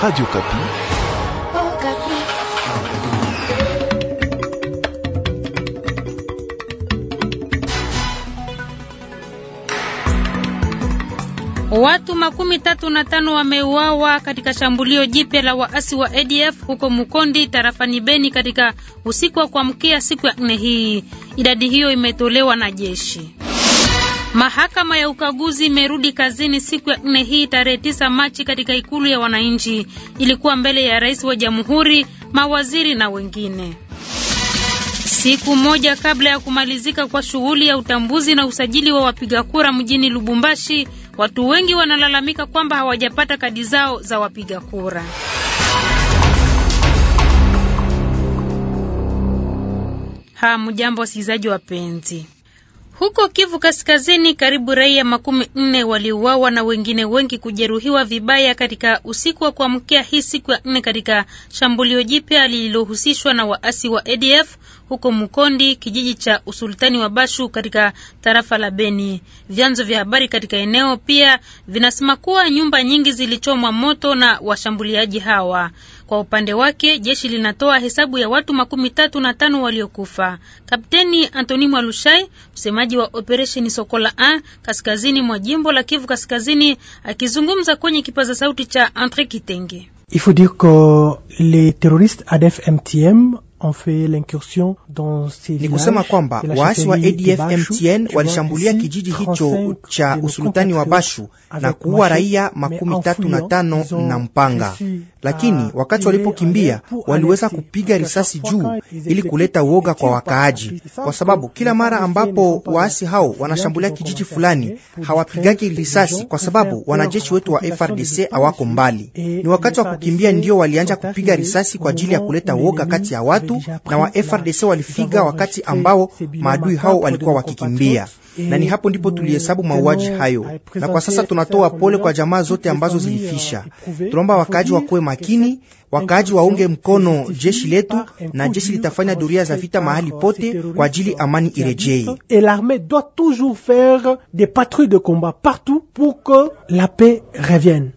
Radio Kapi. Oh, Kapi. Watu makumi tatu na tano wameuawa katika shambulio jipya la waasi wa ADF huko Mukondi tarafani Beni katika usiku wa kuamkia siku ya nne hii. Idadi hiyo imetolewa na jeshi. Mahakama ya ukaguzi imerudi kazini siku ya nne hii tarehe tisa Machi katika ikulu ya wananchi. Ilikuwa mbele ya rais wa jamhuri, mawaziri na wengine. Siku moja kabla ya kumalizika kwa shughuli ya utambuzi na usajili wa wapiga kura mjini Lubumbashi, watu wengi wanalalamika kwamba hawajapata kadi zao za wapiga kura. Hamjambo wasikilizaji wapenzi. Huko Kivu Kaskazini, karibu raia makumi nne waliuawa na wengine wengi kujeruhiwa vibaya katika usiku wa kuamkia hii siku ya nne katika shambulio jipya lililohusishwa na waasi wa ADF huko Mukondi, kijiji cha usultani wa Bashu katika tarafa la Beni. Vyanzo vya habari katika eneo pia vinasema kuwa nyumba nyingi zilichomwa moto na washambuliaji hawa. Kwa upande wake jeshi linatoa hesabu ya watu makumi tatu na tano waliokufa. Kapteni Antoni Mwalushai, msemaji wa operesheni Sokola A kaskazini mwa jimbo la Kivu Kaskazini, akizungumza kwenye kipaza sauti cha Andre Kitenge. Ifudiko Les terroristes ADF MTM ont fait l'incursion dans ces ni kusema kwamba waasi wa ADF MTN walishambulia kijiji hicho cha usultani wa Bashu na kuua raia makumi tatu na tano na mpanga, lakini ah, wakati walipokimbia waliweza kupiga risasi juu ili kuleta uoga kwa wakaaji, kwa sababu kila mara ambapo waasi hao wanashambulia kijiji fulani hawapigaki risasi, kwa sababu wanajeshi wetu wa FRDC hawako mbali. Ni wakati wa kukimbia ndio walianja kupiga walipiga risasi kwa ajili ya kuleta woga kati ya watu, na wa FRDC walifiga wakati ambao maadui hao walikuwa wakikimbia na ni hapo ndipo tulihesabu mauaji hayo, na kwa sasa tunatoa pole kwa jamaa zote ambazo zilifisha. Tunaomba wakaaji wakuwe makini, wakaaji waunge mkono jeshi letu, na jeshi litafanya duria za vita mahali pote kwa ajili amani irejei. Et l'armée doit toujours faire des patrouilles de combat partout pour que la paix revienne.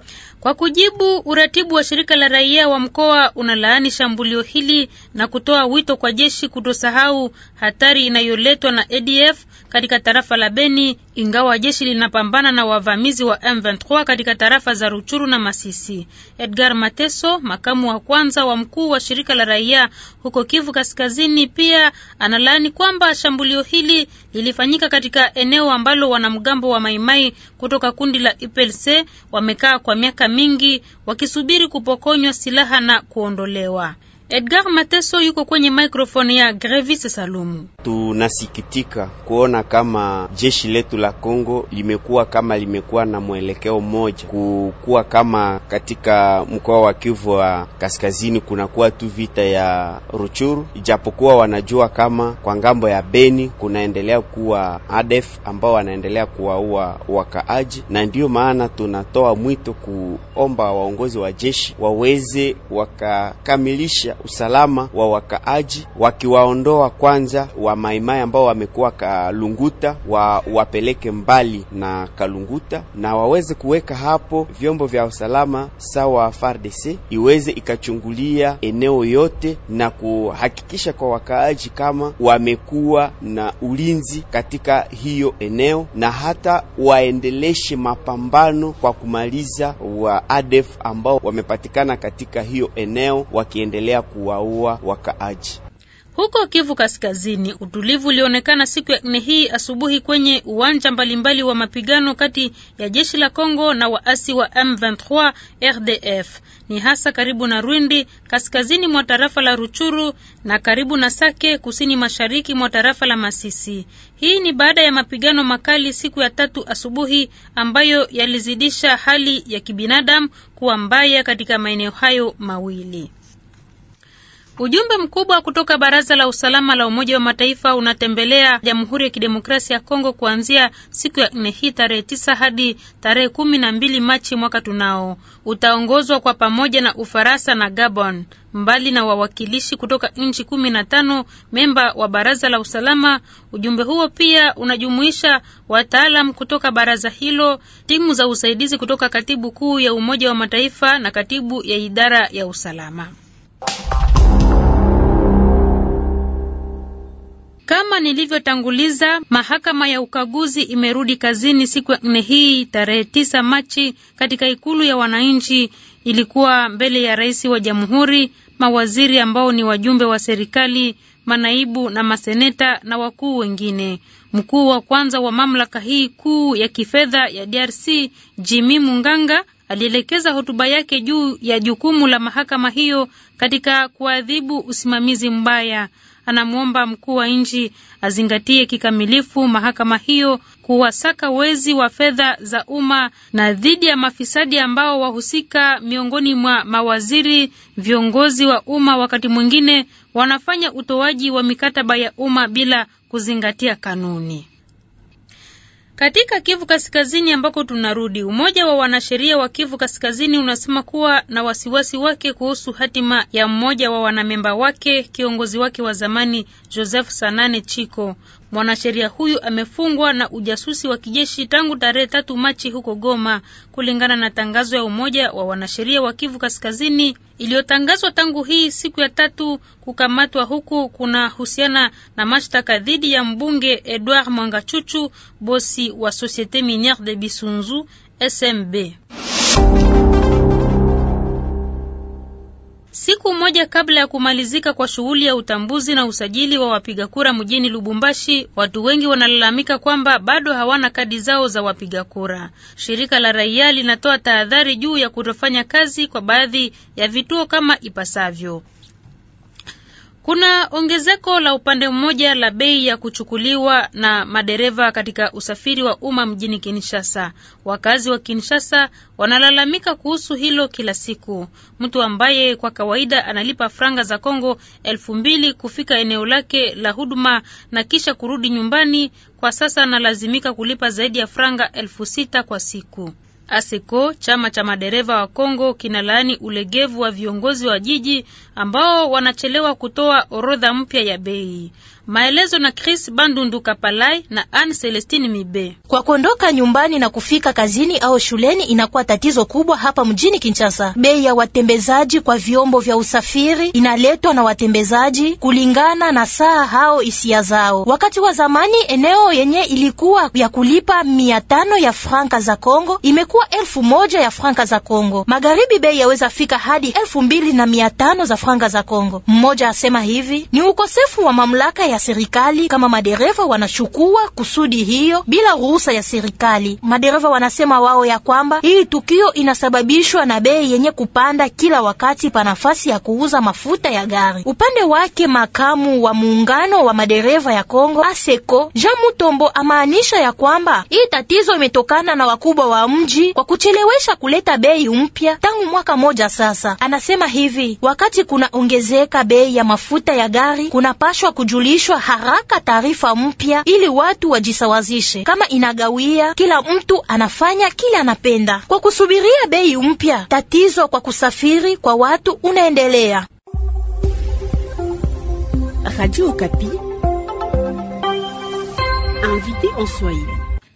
Kwa kujibu, uratibu wa shirika la raia wa mkoa unalaani shambulio hili na kutoa wito kwa jeshi kutosahau hatari inayoletwa na ADF katika tarafa la Beni, ingawa jeshi linapambana na wavamizi wa M23 katika tarafa za Ruchuru na Masisi. Edgar Mateso, makamu wa kwanza wa mkuu wa shirika la raia huko Kivu Kaskazini, pia analaani kwamba shambulio hili lilifanyika katika eneo ambalo wanamgambo wa Maimai kutoka kundi la IPLC wamekaa kwa miaka mingi wakisubiri kupokonywa silaha na kuondolewa. Edgar Mateso yuko kwenye mikrofoni ya Grevis Salumu. Tunasikitika kuona kama jeshi letu la Kongo limekuwa kama limekuwa na mwelekeo mmoja, kukuwa kama katika mkoa wa Kivu wa Kaskazini kunakuwa tu vita ya Ruchuru, ijapokuwa wanajua kama kwa ngambo ya Beni kunaendelea kuwa ADF ambao wanaendelea kuwaua wakaaji, na ndiyo maana tunatoa mwito kuomba waongozi wa jeshi waweze wakakamilisha usalama wa wakaaji, wakiwaondoa kwanza wa maimai ambao wamekuwa Kalunguta, wa wapeleke mbali na Kalunguta na waweze kuweka hapo vyombo vya usalama sawa FARDC iweze ikachungulia eneo yote na kuhakikisha kwa wakaaji kama wamekuwa na ulinzi katika hiyo eneo, na hata waendeleshe mapambano kwa kumaliza wa ADF ambao wamepatikana katika hiyo eneo wakiendelea kuwaua wakaaji. Huko Kivu Kaskazini, utulivu ulionekana siku ya nne hii asubuhi kwenye uwanja mbalimbali wa mapigano kati ya jeshi la Kongo na waasi wa M23 RDF. Ni hasa karibu na Rwindi, kaskazini mwa tarafa la Ruchuru na karibu na Sake, kusini mashariki mwa tarafa la Masisi. Hii ni baada ya mapigano makali siku ya tatu asubuhi ambayo yalizidisha hali ya kibinadamu kuwa mbaya katika maeneo hayo mawili. Ujumbe mkubwa kutoka Baraza la Usalama la Umoja wa Mataifa unatembelea Jamhuri ya Kidemokrasia ya Kongo kuanzia siku ya nne hii tarehe tisa hadi tarehe kumi na mbili Machi mwaka tunao. Utaongozwa kwa pamoja na Ufaransa na Gabon. Mbali na wawakilishi kutoka nchi kumi na tano memba wa Baraza la Usalama, ujumbe huo pia unajumuisha wataalam kutoka baraza hilo, timu za usaidizi kutoka katibu kuu ya Umoja wa Mataifa na katibu ya idara ya usalama. Kama nilivyotanguliza, mahakama ya ukaguzi imerudi kazini siku ya nne hii tarehe tisa Machi katika ikulu ya wananchi. Ilikuwa mbele ya rais wa jamhuri, mawaziri ambao ni wajumbe wa serikali, manaibu na maseneta na wakuu wengine. Mkuu wa kwanza wa mamlaka hii kuu ya kifedha ya DRC Jimi Munganga alielekeza hotuba yake juu ya jukumu la mahakama hiyo katika kuadhibu usimamizi mbaya anamwomba mkuu wa nchi azingatie kikamilifu mahakama hiyo kuwasaka wezi wa fedha za umma na dhidi ya mafisadi ambao wahusika miongoni mwa mawaziri, viongozi wa umma, wakati mwingine wanafanya utoaji wa mikataba ya umma bila kuzingatia kanuni. Katika Kivu Kaskazini ambako tunarudi, umoja wa wanasheria wa Kivu Kaskazini unasema kuwa na wasiwasi wake kuhusu hatima ya mmoja wa wanamemba wake, kiongozi wake wa zamani Joseph Sanane Chiko. Mwanasheria huyu amefungwa na ujasusi wa kijeshi tangu tarehe tatu Machi huko Goma, kulingana na tangazo ya umoja wa wanasheria wa Kivu Kaskazini iliyotangazwa tangu hii siku ya tatu. Kukamatwa huku kunahusiana na mashtaka dhidi ya mbunge Edouard Mwangachuchu, bosi wa Societe Miniere de Bisunzu SMB. Siku moja kabla ya kumalizika kwa shughuli ya utambuzi na usajili wa wapiga kura mjini Lubumbashi, watu wengi wanalalamika kwamba bado hawana kadi zao za wapiga kura. Shirika la raia linatoa tahadhari juu ya kutofanya kazi kwa baadhi ya vituo kama ipasavyo. Kuna ongezeko la upande mmoja la bei ya kuchukuliwa na madereva katika usafiri wa umma mjini Kinshasa. Wakazi wa Kinshasa wanalalamika kuhusu hilo kila siku. Mtu ambaye kwa kawaida analipa franga za Kongo elfu mbili kufika eneo lake la huduma na kisha kurudi nyumbani, kwa sasa analazimika kulipa zaidi ya franga elfu sita kwa siku. ASECO, chama cha madereva wa Kongo, kinalaani ulegevu wa viongozi wa jiji ambao wanachelewa kutoa orodha mpya ya bei. Maelezo na Chris Bandundu Kapalai na Anne Celestine Mibe. Kwa kuondoka nyumbani na kufika kazini au shuleni inakuwa tatizo kubwa hapa mjini Kinshasa. Bei ya watembezaji kwa vyombo vya usafiri inaletwa na watembezaji kulingana na saa hao hisia zao. Wakati wa zamani eneo yenye ilikuwa ya kulipa mia tano ya franka za Kongo imekuwa elfu moja ya franka za Kongo. Magharibi bei yaweza fika hadi elfu mbili na mia tano za franka za Kongo. Mmoja asema hivi ni ukosefu wa mamlaka ya ya serikali kama madereva wanachukua kusudi hiyo bila ruhusa ya serikali. Madereva wanasema wao ya kwamba hii tukio inasababishwa na bei yenye kupanda kila wakati pa nafasi ya kuuza mafuta ya gari. Upande wake makamu wa muungano wa madereva ya Kongo Aseko Jean Mutombo amaanisha ya kwamba hii tatizo imetokana na wakubwa wa mji kwa kuchelewesha kuleta bei mpya tangu mwaka moja sasa. Anasema hivi wakati kuna ongezeka bei ya mafuta ya gari kunapashwa kujulisha kuchapishwa haraka taarifa mpya ili watu wajisawazishe. Kama inagawia, kila mtu anafanya kile anapenda kwa kusubiria bei mpya. Tatizo kwa kusafiri kwa watu unaendelea. Radio Okapi invité en Swahili.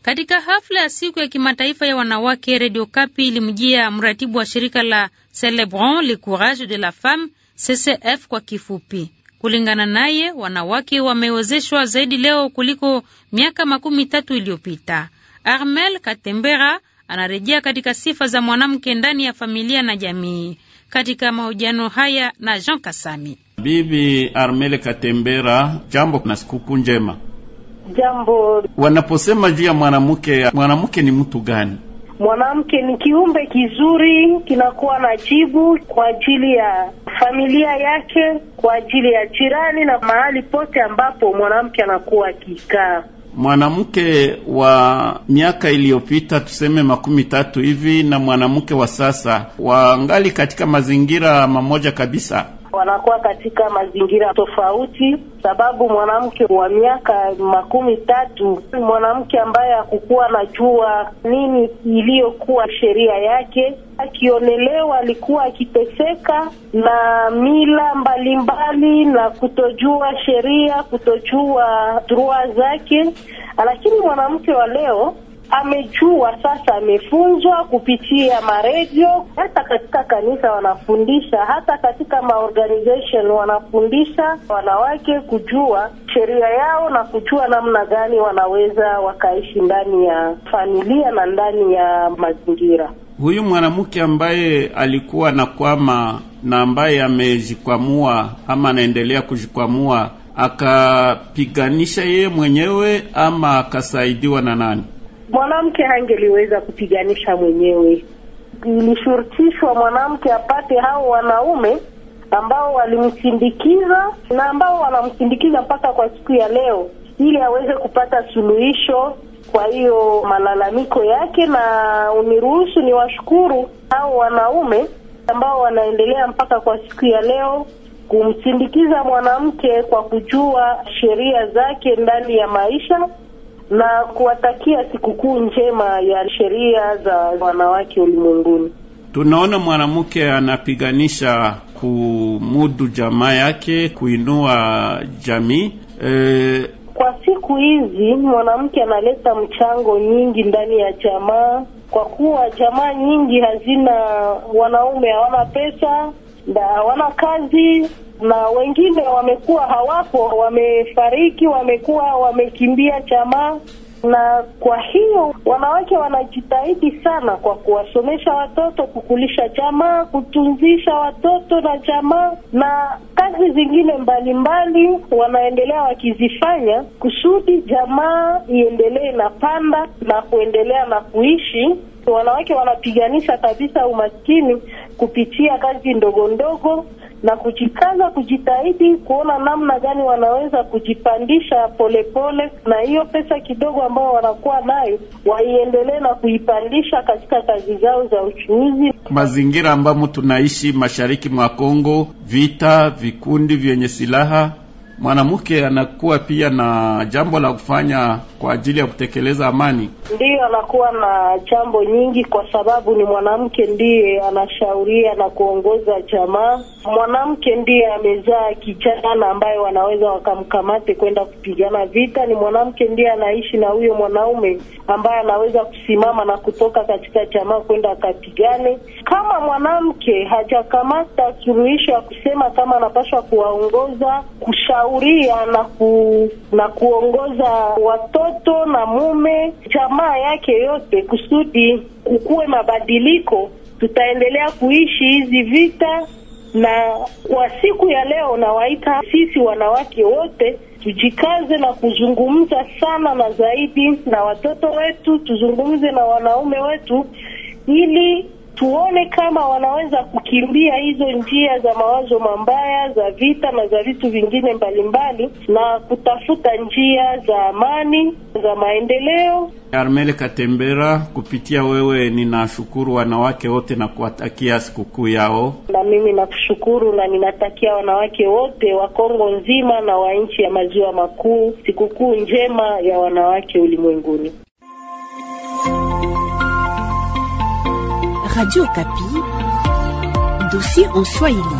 Katika hafla ya siku ya kimataifa ya wanawake, Radio Kapi ilimjia mratibu wa shirika la Celebrons le Courage de la Femme, CCF kwa kifupi. Kulingana naye, wanawake wamewezeshwa zaidi leo kuliko miaka makumi tatu iliyopita. Armel Katembera anarejea katika sifa za mwanamke ndani ya familia na jamii katika mahojiano haya na Jean Kasami. Bibi Armel Katembera, jambo na sikuku njema. Jambo. Wanaposema juu ya mwanamke, mwanamke ni mtu gani? Mwanamke ni kiumbe kizuri, kinakuwa na jibu kwa ajili ya familia yake, kwa ajili ya jirani na mahali pote ambapo mwanamke anakuwa akikaa. Mwanamke wa miaka iliyopita tuseme makumi tatu hivi na mwanamke wa sasa wangali katika mazingira mamoja kabisa wanakuwa katika mazingira tofauti, sababu mwanamke wa miaka makumi tatu mwanamke ambaye hakukuwa anajua nini iliyokuwa sheria yake, akionelewa alikuwa akiteseka na mila mbalimbali mbali, na kutojua sheria, kutojua droit zake, lakini mwanamke wa leo amejua sasa, amefunzwa kupitia maredio, hata katika kanisa wanafundisha, hata katika maorganization wanafundisha wanawake kujua sheria yao na kujua namna gani wanaweza wakaishi ndani ya familia na ndani ya mazingira. Huyu mwanamke ambaye alikuwa anakwama na ambaye amejikwamua ama anaendelea kujikwamua, akapiganisha yeye mwenyewe ama akasaidiwa na nani? mwanamke hangeliweza kupiganisha mwenyewe, ilishurutishwa mwanamke apate hao wanaume ambao walimsindikiza na ambao wanamsindikiza mpaka kwa siku ya leo, ili aweze kupata suluhisho kwa hiyo malalamiko yake. Na uniruhusu ni washukuru hao wanaume ambao wanaendelea mpaka kwa siku ya leo kumsindikiza mwanamke kwa kujua sheria zake ndani ya maisha na kuwatakia sikukuu njema ya sheria za wanawake ulimwenguni. Tunaona mwanamke anapiganisha kumudu jamaa yake, kuinua jamii e... Kwa siku hizi mwanamke analeta mchango nyingi ndani ya jamaa, kwa kuwa jamaa nyingi hazina wanaume, hawana pesa na hawana kazi na wengine wamekuwa hawapo, wamefariki, wamekuwa wamekimbia jamaa na kwa hiyo wanawake wanajitahidi sana kwa kuwasomesha watoto, kukulisha jamaa, kutunzisha watoto na jamaa, na kazi zingine mbalimbali mbali, wanaendelea wakizifanya kusudi jamaa iendelee na panda na kuendelea na kuishi. Wanawake wanapiganisha kabisa umaskini kupitia kazi ndogo ndogo na kujikaza kujitahidi kuona namna gani wanaweza kujipandisha polepole pole, na hiyo pesa kidogo ambao wanakuwa nayo waiendelee na kuipandisha katika kazi zao za uchuuzi. Mazingira ambamo tunaishi mashariki mwa Kongo, vita, vikundi vyenye silaha mwanamke anakuwa pia na jambo la kufanya kwa ajili ya kutekeleza amani. Ndiyo, anakuwa na jambo nyingi, kwa sababu ni mwanamke ndiye anashauria na kuongoza jamaa. Mwanamke ndiye amezaa kijana ambaye wanaweza wakamkamate kwenda kupigana vita. Ni mwanamke ndiye anaishi na huyo mwanaume ambaye anaweza kusimama na kutoka katika jamaa kwenda akapigane. Kama mwanamke hajakamata suluhisho ya kusema kama anapaswa kuwaongoza kusha kushauria na, ku, na kuongoza watoto na mume jamaa yake yote, kusudi kukuwe mabadiliko. Tutaendelea kuishi hizi vita, na kwa siku ya leo nawaita sisi wanawake wote tujikaze na kuzungumza sana na zaidi na watoto wetu, tuzungumze na wanaume wetu ili tuone kama wanaweza kukimbia hizo njia za mawazo mabaya za vita na za vitu vingine mbalimbali mbali, na kutafuta njia za amani za maendeleo. Armel Katembera, kupitia wewe ninashukuru wanawake wote na kuwatakia sikukuu yao. Na mimi nakushukuru na ninatakia wanawake wote wa Kongo nzima na wa nchi ya maziwa makuu sikukuu njema ya wanawake ulimwenguni. Radio Kapi, dosi en Swahili.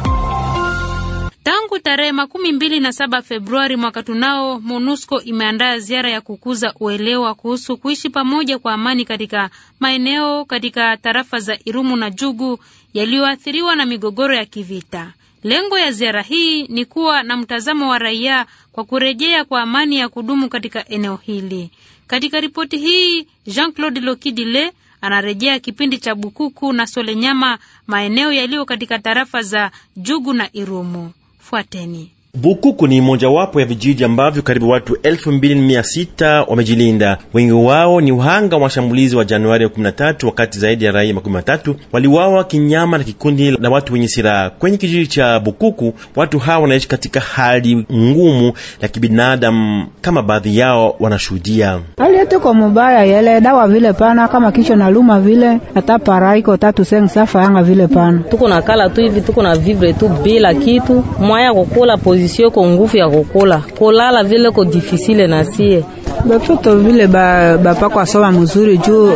Tangu tarehe makumi mbili na saba Februari mwaka tunao, MONUSCO imeandaa ziara ya kukuza uelewa kuhusu kuishi pamoja kwa amani katika maeneo katika tarafa za Irumu na Jugu yaliyoathiriwa na migogoro ya kivita. Lengo ya ziara hii ni kuwa na mtazamo wa raia kwa kurejea kwa amani ya kudumu katika eneo hili. Katika ripoti hii Jean-Claude Lokidile anarejea kipindi cha Bukuku na Solenyama, maeneo yaliyo katika tarafa za Jugu na Irumu. Fuateni. Bukuku ni mojawapo ya vijiji ambavyo karibu watu 2600 wamejilinda. Wengi wao ni uhanga wa mashambulizi wa Januari 13 wakati zaidi ya raia 13 waliuawa kinyama na kikundi la watu wenye silaha kwenye kijiji cha Bukuku. Watu hawa wanaishi katika hali ngumu ya kibinadamu, kama baadhi yao wanashuhudia. Hali yetu kwa mubaya yele dawa vile pana kama kicho na luma vile hata paraiko tatu seng safa yanga vile pana tuko na kala tu hivi tuko na vivre tu bila kitu mwaya kukula pozi position ko nguvu ya kokola kolala vile ko difficile na sie batoto vile bapakwa soma mzuri juu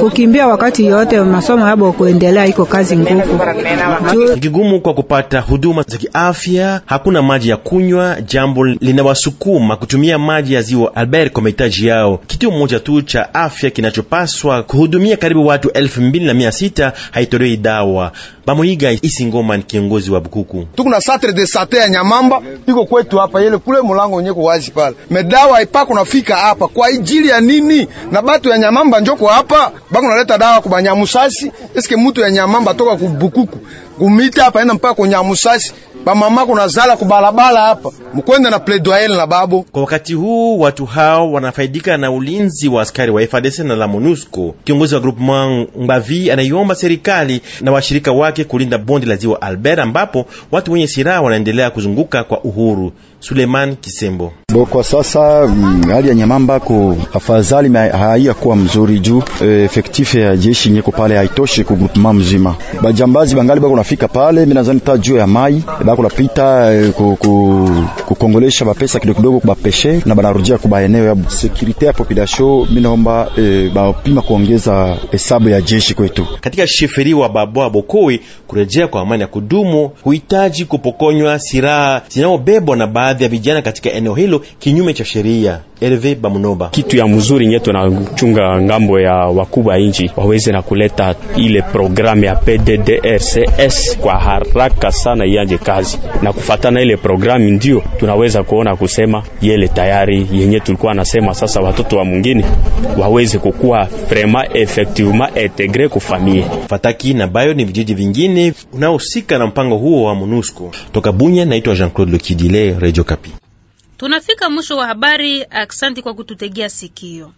kukimbia wakati yote masomo yabo kuendelea iko kazi ngufu kigumu kwa kupata huduma za kiafya, hakuna maji ya kunywa, jambo linawasukuma kutumia maji ya ziwa Albert kwa mahitaji yao. Kituo mmoja tu cha afya kinachopaswa kuhudumia karibu watu elfu mbili na mia sita haitolewi dawa. Bamuiga Isingoma ni kiongozi wa Bukuku. Tuko na de santé ya Nyamamba iko kwetu hapa, yele kule mlango wenyewe wazi pale, medawa ipako nafika hapa kwa ajili ya nini? Na batu ya nyamamba njoko hapa bango naleta dawa kwa Nyamusasi. Eske mtu ya nyamamba toka kubukuku kumita hapa enda mpaka kwa nyamusasi, ba mama kuna zala kubalabala hapa, mkwenda na plaidoyer na babo. Kwa wakati huu watu hao wanafaidika na ulinzi wa askari wa FARDC na la MONUSCO. Kiongozi wa groupement Mbavi anaiomba serikali na washirika wake kulinda bonde la Ziwa Albert ambapo watu wenye silaha wanaendelea kuzunguka kwa uhuru. Suleiman Kisembo. Bo, kwa sasa mm, hali ya Nyamamba ko afadhali haiya kuwa mzuri juu e, efektif ya jeshi nyeko pale haitoshi ku groupement mzima. Bajambazi bangali bako nafika pale, mimi nadhani ta juu ya mai bako napita e, ku kukongolesha bapesa kidogo kidogo bapeshe na banarudia kuba eneo ya sekirite ya populasyo. Minaomba e, eh, bapima kuongeza hesabu ya jeshi kwetu katika sheferi wa babwa Bokowe. Kurejea kwa amani ya kudumu huhitaji kupokonywa silaha zinazobebwa na baadhi ya vijana katika eneo hilo kinyume cha sheria. Elve Bamunoba. Kitu ya mzuri nyetu na chunga ngambo ya wakubwa inji waweze na kuleta ile programu ya PDDRCS kwa haraka sana ianje kazi, na kufatana ile programu ndio tunaweza kuona kusema yele tayari yenye tulikuwa nasema sasa watoto wa mwingine waweze kukua vraiment effectivement integre kufamie Fataki na bayo ni vijiji vingine unaohusika na mpango huo wa MONUSCO. Toka Bunya, naitwa Jean-Claude Lokidile, Radio Kapi. Tunafika mwisho wa habari. Aksanti kwa kututegea sikio.